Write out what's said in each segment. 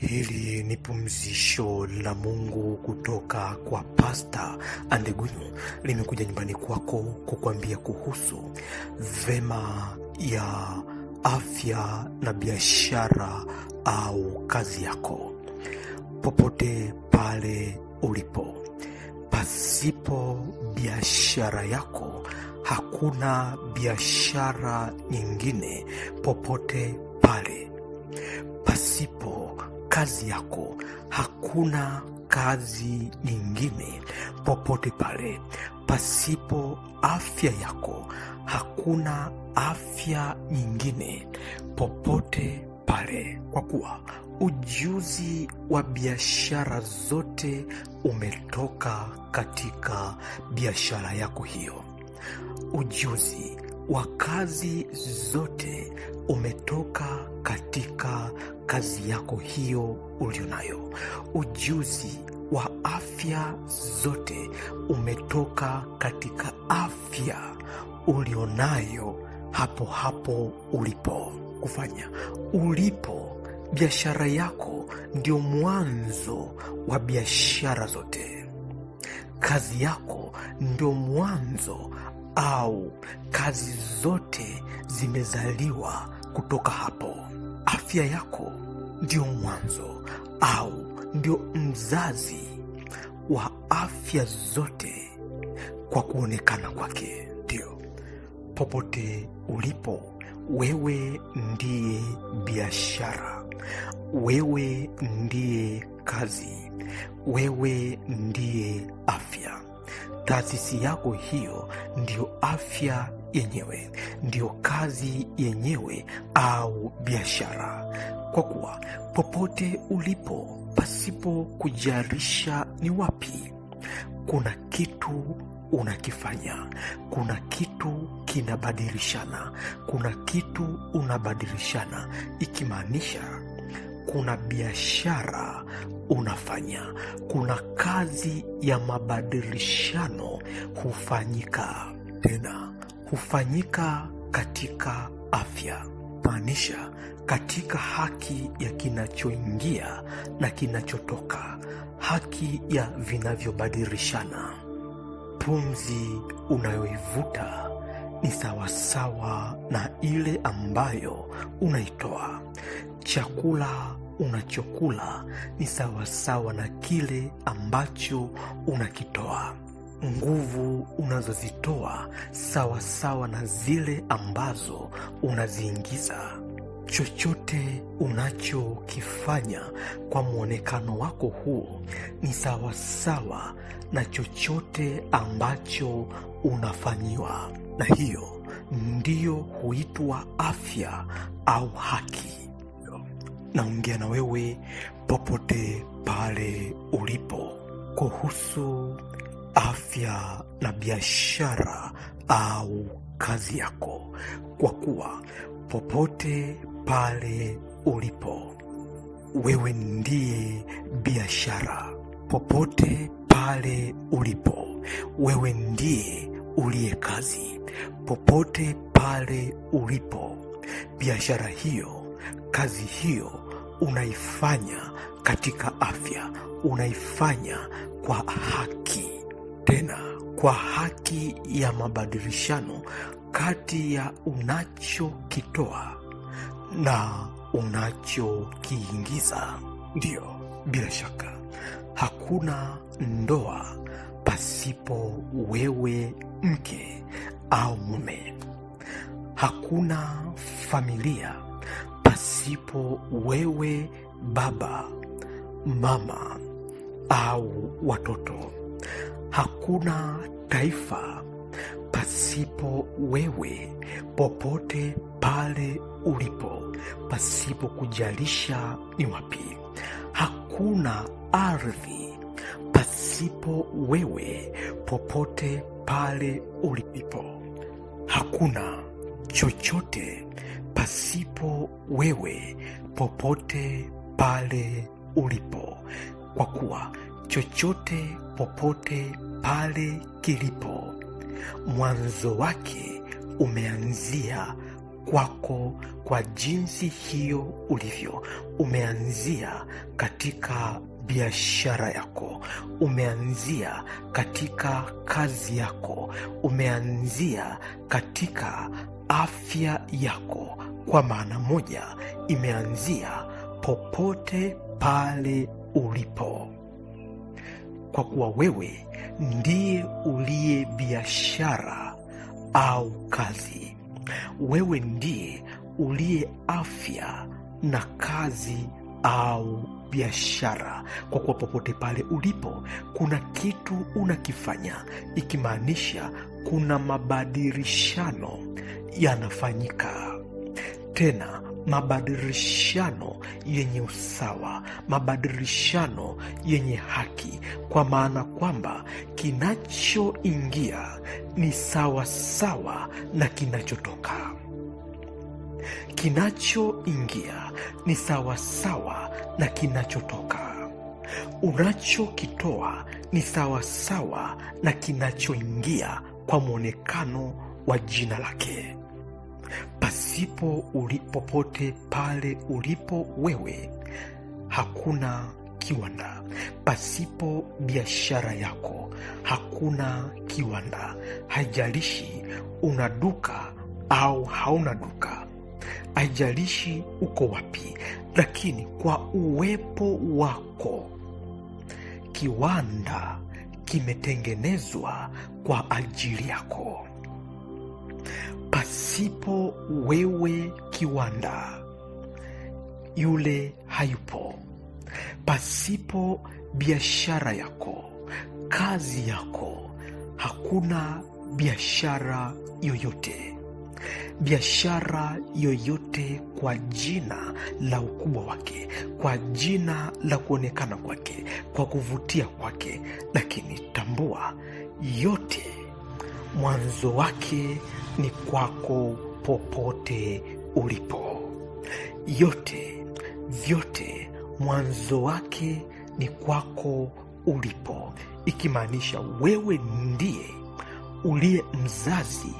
Hili ni pumzisho la Mungu kutoka kwa Pasta Andegunyu, limekuja nyumbani kwako kukuambia kuhusu vema ya afya na biashara au kazi yako, popote pale ulipo. Pasipo biashara yako hakuna biashara nyingine popote pale, pasipo kazi yako, hakuna kazi nyingine popote pale. Pasipo afya yako, hakuna afya nyingine popote pale, kwa kuwa ujuzi wa biashara zote umetoka katika biashara yako hiyo. Ujuzi wa kazi zote umetoka katika kazi yako hiyo ulionayo. Ujuzi wa afya zote umetoka katika afya ulionayo hapo hapo ulipo kufanya ulipo. Biashara yako ndio mwanzo wa biashara zote. Kazi yako ndio mwanzo au kazi zote zimezaliwa kutoka hapo. Afya yako ndio mwanzo au ndio mzazi wa afya zote kwa kuonekana kwake. Ndio popote ulipo wewe ndiye biashara, wewe ndiye kazi, wewe ndiye afya. Taasisi yako hiyo ndiyo afya yenyewe, ndiyo kazi yenyewe au biashara, kwa kuwa popote ulipo, pasipo kujarisha ni wapi, kuna kitu unakifanya, kuna kitu kinabadilishana, kuna kitu unabadilishana, ikimaanisha kuna biashara unafanya, kuna kazi ya mabadilishano hufanyika, tena hufanyika katika afya, maanisha katika haki ya kinachoingia na kinachotoka, haki ya vinavyobadilishana. Pumzi unayoivuta ni sawasawa na ile ambayo unaitoa chakula unachokula ni sawasawa na kile ambacho unakitoa. Nguvu unazozitoa sawasawa na zile ambazo unaziingiza. Chochote unachokifanya kwa mwonekano wako huo ni sawasawa na chochote ambacho unafanyiwa, na hiyo ndiyo huitwa afya au haki naongea na wewe popote pale ulipo kuhusu afya na biashara au kazi yako, kwa kuwa popote pale ulipo wewe ndiye biashara. Popote pale ulipo wewe ndiye uliye kazi. Popote pale ulipo biashara hiyo kazi hiyo unaifanya katika afya, unaifanya kwa haki, tena kwa haki ya mabadilishano kati ya unachokitoa na unachokiingiza. Ndiyo, bila shaka hakuna ndoa pasipo wewe mke au mume, hakuna familia pasipo wewe baba, mama au watoto. Hakuna taifa pasipo wewe, popote pale ulipo, pasipo kujalisha ni wapi. Hakuna ardhi pasipo wewe, popote pale ulipo. Hakuna chochote pasipo wewe popote pale ulipo, kwa kuwa chochote popote pale kilipo, mwanzo wake umeanzia kwako. Kwa jinsi hiyo ulivyo, umeanzia katika biashara yako, umeanzia katika kazi yako, umeanzia katika afya yako, kwa maana moja imeanzia popote pale ulipo, kwa kuwa wewe ndiye uliye biashara au kazi, wewe ndiye uliye afya na kazi au biashara, kwa kuwa popote pale ulipo kuna kitu unakifanya, ikimaanisha kuna mabadirishano yanafanyika tena mabadilishano yenye usawa, mabadilishano yenye haki, kwa maana kwamba kinachoingia ni sawa sawa na kinachotoka. Kinachoingia ni sawa sawa na kinachotoka. Unachokitoa ni sawa sawa na kinachoingia kwa mwonekano wa jina lake pasipo uli, popote pale ulipo wewe hakuna kiwanda, pasipo biashara yako hakuna kiwanda. Haijalishi una duka au hauna duka, haijalishi uko wapi, lakini kwa uwepo wako kiwanda kimetengenezwa kwa ajili yako pasipo wewe kiwanda, yule hayupo. Pasipo biashara yako, kazi yako, hakuna biashara yoyote. Biashara yoyote kwa jina la ukubwa wake, kwa jina la kuonekana kwake, kwa kuvutia kwake, lakini tambua yote mwanzo wake ni kwako popote ulipo. Yote vyote mwanzo wake ni kwako ulipo, ikimaanisha wewe ndiye uliye mzazi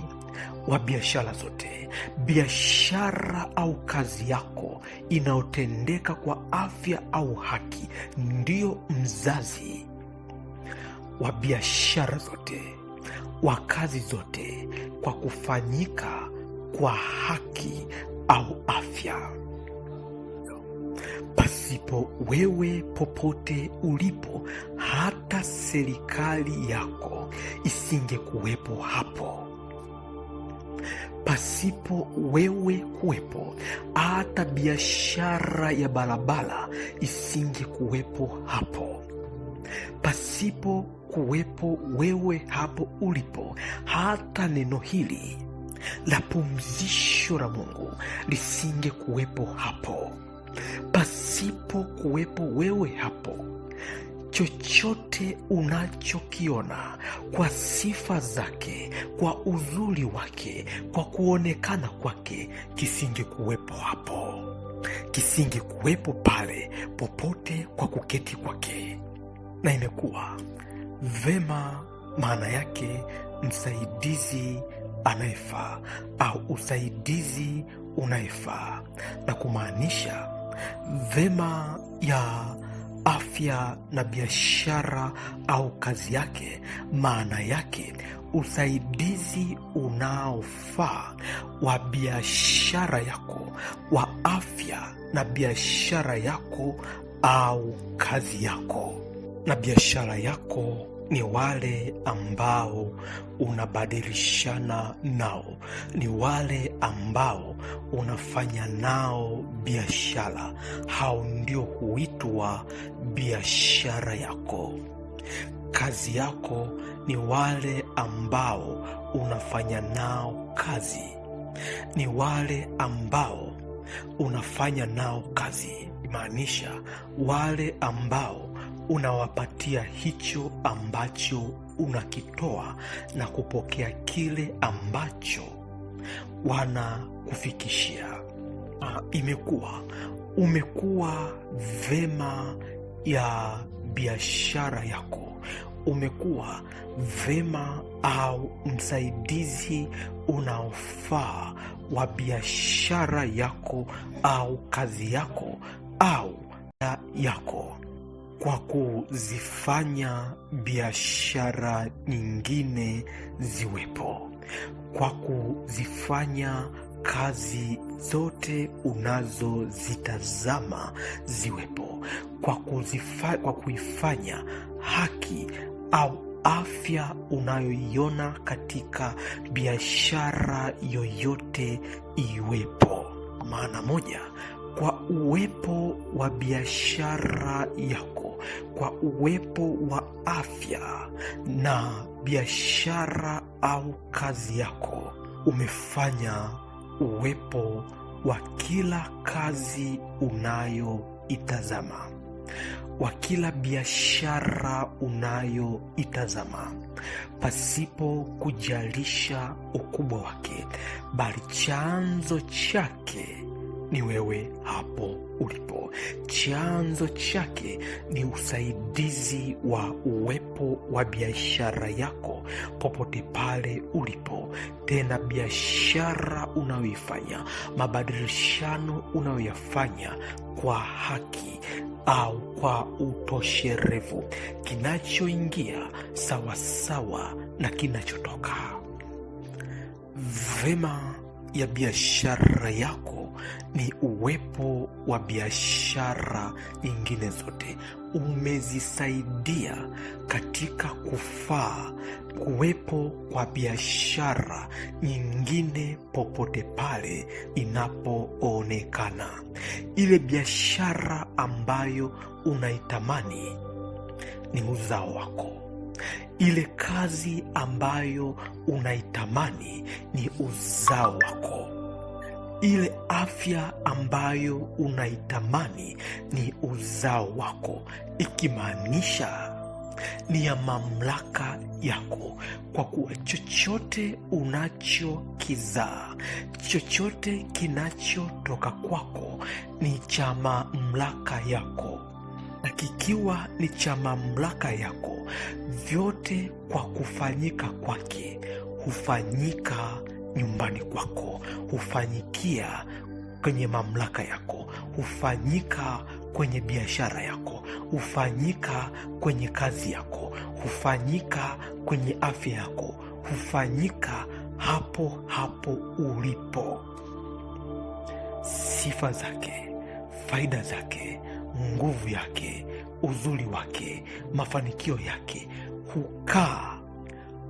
wa biashara zote. Biashara au kazi yako inayotendeka kwa afya au haki ndiyo mzazi wa biashara zote wa kazi zote kwa kufanyika kwa haki au afya. Pasipo wewe popote ulipo, hata serikali yako isingekuwepo hapo. Pasipo wewe kuwepo, hata biashara ya barabara isingekuwepo hapo pasipo kuwepo wewe hapo ulipo, hata neno hili la pumzisho la Mungu lisinge kuwepo hapo. Pasipo kuwepo wewe hapo, chochote unachokiona kwa sifa zake, kwa uzuri wake, kwa kuonekana kwake, kisinge kuwepo hapo, kisinge kuwepo pale popote kwa kuketi kwake na imekuwa vema, maana yake msaidizi anayefaa au usaidizi unayefaa, na kumaanisha vema ya afya na biashara au kazi yake, maana yake usaidizi unaofaa wa biashara yako, wa afya na biashara yako au kazi yako na biashara yako ni wale ambao unabadilishana nao, ni wale ambao unafanya nao biashara. Hao ndio huitwa biashara yako. Kazi yako ni wale ambao unafanya nao kazi, ni wale ambao unafanya nao kazi, maanisha wale ambao unawapatia hicho ambacho unakitoa na kupokea kile ambacho wanakufikishia. Uh, imekuwa umekuwa vema ya biashara yako, umekuwa vema au msaidizi unaofaa wa biashara yako au kazi yako au yako kwa kuzifanya biashara nyingine ziwepo, kwa kuzifanya kazi zote unazozitazama ziwepo, kwa kuzifa, kwa kuifanya haki au afya unayoiona katika biashara yoyote iwepo. Maana moja, kwa uwepo wa biashara yako kwa uwepo wa afya na biashara au kazi yako umefanya uwepo wa kila kazi unayoitazama, wa kila biashara unayoitazama, pasipo kujalisha ukubwa wake, bali chanzo chake ni wewe hapo ulipo. Chanzo chake ni usaidizi wa uwepo wa biashara yako popote pale ulipo, tena biashara unayoifanya, mabadilishano unayoyafanya kwa haki au kwa utosherevu, kinachoingia sawasawa na kinachotoka vema ya biashara yako ni uwepo wa biashara nyingine zote. Umezisaidia katika kufaa kuwepo kwa biashara nyingine popote pale inapoonekana. Ile biashara ambayo unaitamani ni uzao wako ile kazi ambayo unaitamani ni uzao wako. Ile afya ambayo unaitamani ni uzao wako, ikimaanisha ni ya mamlaka yako, kwa kuwa chochote unachokizaa, chochote kinachotoka kwako ni cha mamlaka yako na kikiwa ni cha mamlaka yako, vyote kwa kufanyika kwake hufanyika nyumbani kwako, hufanyikia kwenye mamlaka yako, hufanyika kwenye biashara yako, hufanyika kwenye kazi yako, hufanyika kwenye afya yako, hufanyika hapo hapo ulipo. Sifa zake, faida zake nguvu yake, uzuri wake, mafanikio yake hukaa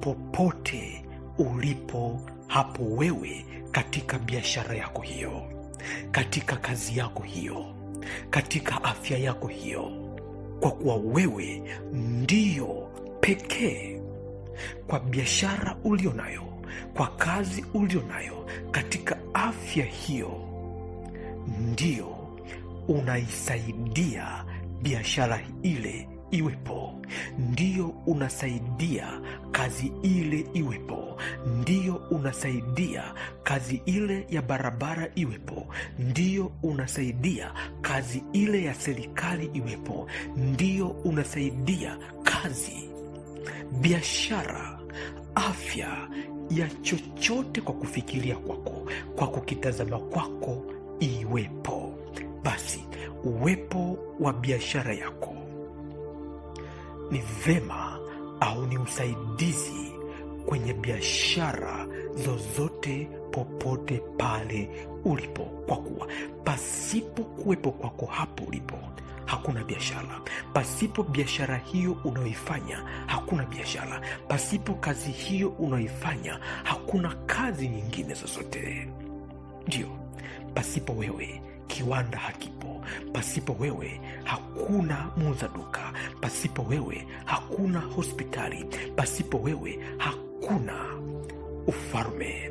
popote ulipo hapo wewe, katika biashara yako hiyo, katika kazi yako hiyo, katika afya yako hiyo, kwa kuwa wewe ndiyo pekee, kwa biashara ulio nayo, kwa kazi ulio nayo, katika afya hiyo ndiyo unaisaidia biashara ile iwepo, ndiyo unasaidia kazi ile iwepo, ndiyo unasaidia kazi ile ya barabara iwepo, ndiyo unasaidia kazi ile ya serikali iwepo, ndiyo unasaidia kazi, biashara, afya ya chochote, kwa kufikiria kwako, kwa kukitazama kwako iwepo basi uwepo wa biashara yako ni vema au ni usaidizi kwenye biashara zozote popote pale ulipo, kwa kuwa pasipo kuwepo kwako hapo ulipo hakuna biashara. Pasipo biashara hiyo unayoifanya hakuna biashara. Pasipo kazi hiyo unayoifanya hakuna kazi nyingine zozote. Ndio, pasipo wewe kiwanda hakipo. Pasipo wewe hakuna muuza duka, pasipo wewe hakuna hospitali, pasipo wewe hakuna ufalme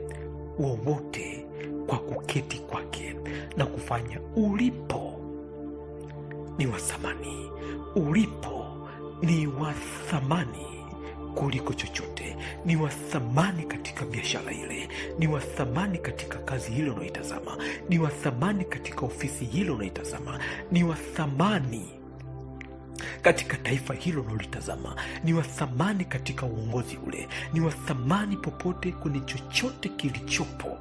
wowote. Kwa kuketi kwake na kufanya ulipo ni wa thamani, ulipo ni wa thamani kuliko chochote, ni wa thamani katika biashara ile, ni wa thamani katika kazi hilo unaoitazama, ni wa thamani katika ofisi hilo unaoitazama, ni wa thamani katika taifa hilo unaolitazama ni wa thamani katika uongozi ule, ni wa thamani popote kwenye chochote kilichopo,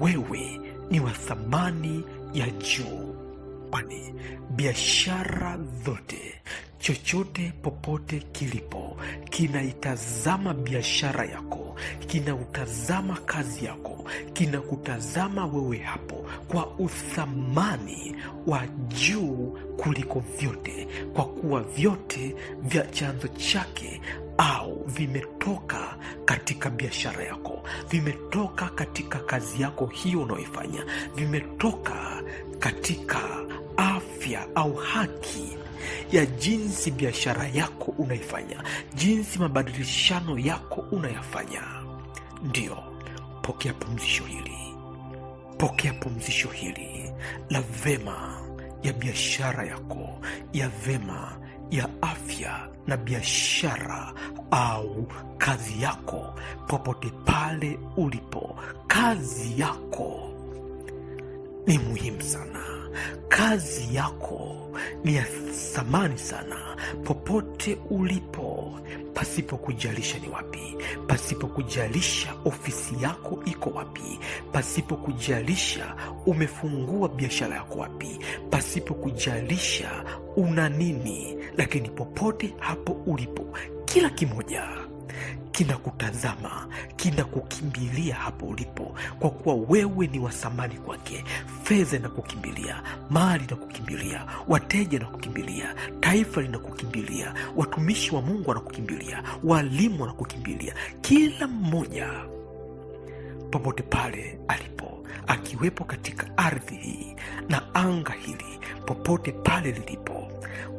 wewe ni wa thamani ya juu kwani biashara zote, chochote popote kilipo, kinaitazama biashara yako, kinautazama kazi yako, kinakutazama wewe hapo kwa uthamani wa juu kuliko vyote, kwa kuwa vyote vya chanzo chake au vimetoka katika biashara yako, vimetoka katika kazi yako hiyo unaoifanya, vimetoka katika afya au haki ya jinsi biashara yako unaifanya, jinsi mabadilishano yako unayafanya. Ndiyo, pokea pumzisho hili, pokea pumzisho hili la vema ya biashara yako, ya vema ya afya na biashara au kazi yako, popote pale ulipo, kazi yako ni muhimu sana. Kazi yako ni ya thamani sana, popote ulipo, pasipo kujalisha ni wapi, pasipo kujalisha ofisi yako iko wapi, pasipo kujalisha umefungua biashara yako wapi, pasipo kujalisha una nini, lakini popote hapo ulipo, kila kimoja kinakutazama, kinakukimbilia hapo ulipo, kwa kuwa wewe ni wasamani kwake. Fedha inakukimbilia, mali inakukimbilia, wateja inakukimbilia, taifa linakukimbilia, watumishi wa Mungu wanakukimbilia, walimu wanakukimbilia, kila mmoja popote pale alipo, akiwepo katika ardhi hii na anga hili, popote pale lilipo,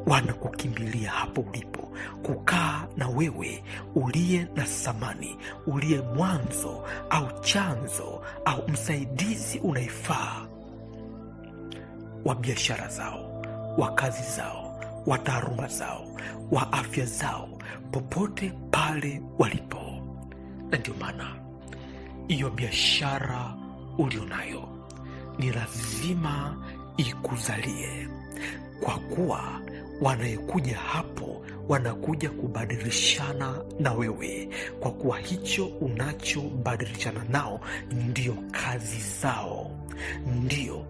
wanakukimbilia hapo ulipo kukaa na wewe uliye na samani uliye mwanzo au chanzo au msaidizi unaifaa wa biashara zao, wa kazi zao, wa taaruma zao, wa afya zao, popote pale walipo. Na ndio maana hiyo biashara ulionayo ni lazima ikuzalie, kwa kuwa wanayekuja hapo wanakuja kubadilishana na wewe, kwa kuwa hicho unachobadilishana nao ndio kazi zao, ndio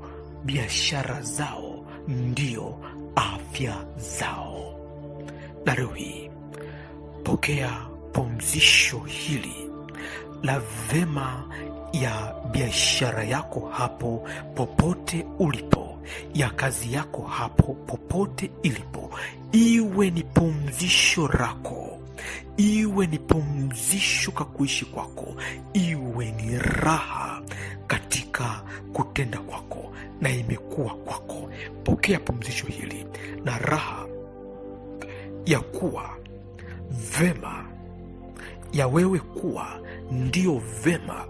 biashara zao, ndio afya zao. Na leo hii pokea pumzisho hili la vema ya biashara yako hapo popote ulipo ya kazi yako hapo popote ilipo, iwe ni pumzisho lako, iwe ni pumzisho ka kuishi kwako, iwe ni raha katika kutenda kwako na imekuwa kwako. Pokea pumzisho hili na raha ya kuwa vema, ya wewe kuwa ndiyo vema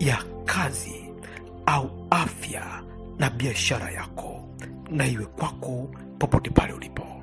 ya kazi au afya na biashara yako na iwe kwako popote pale ulipo.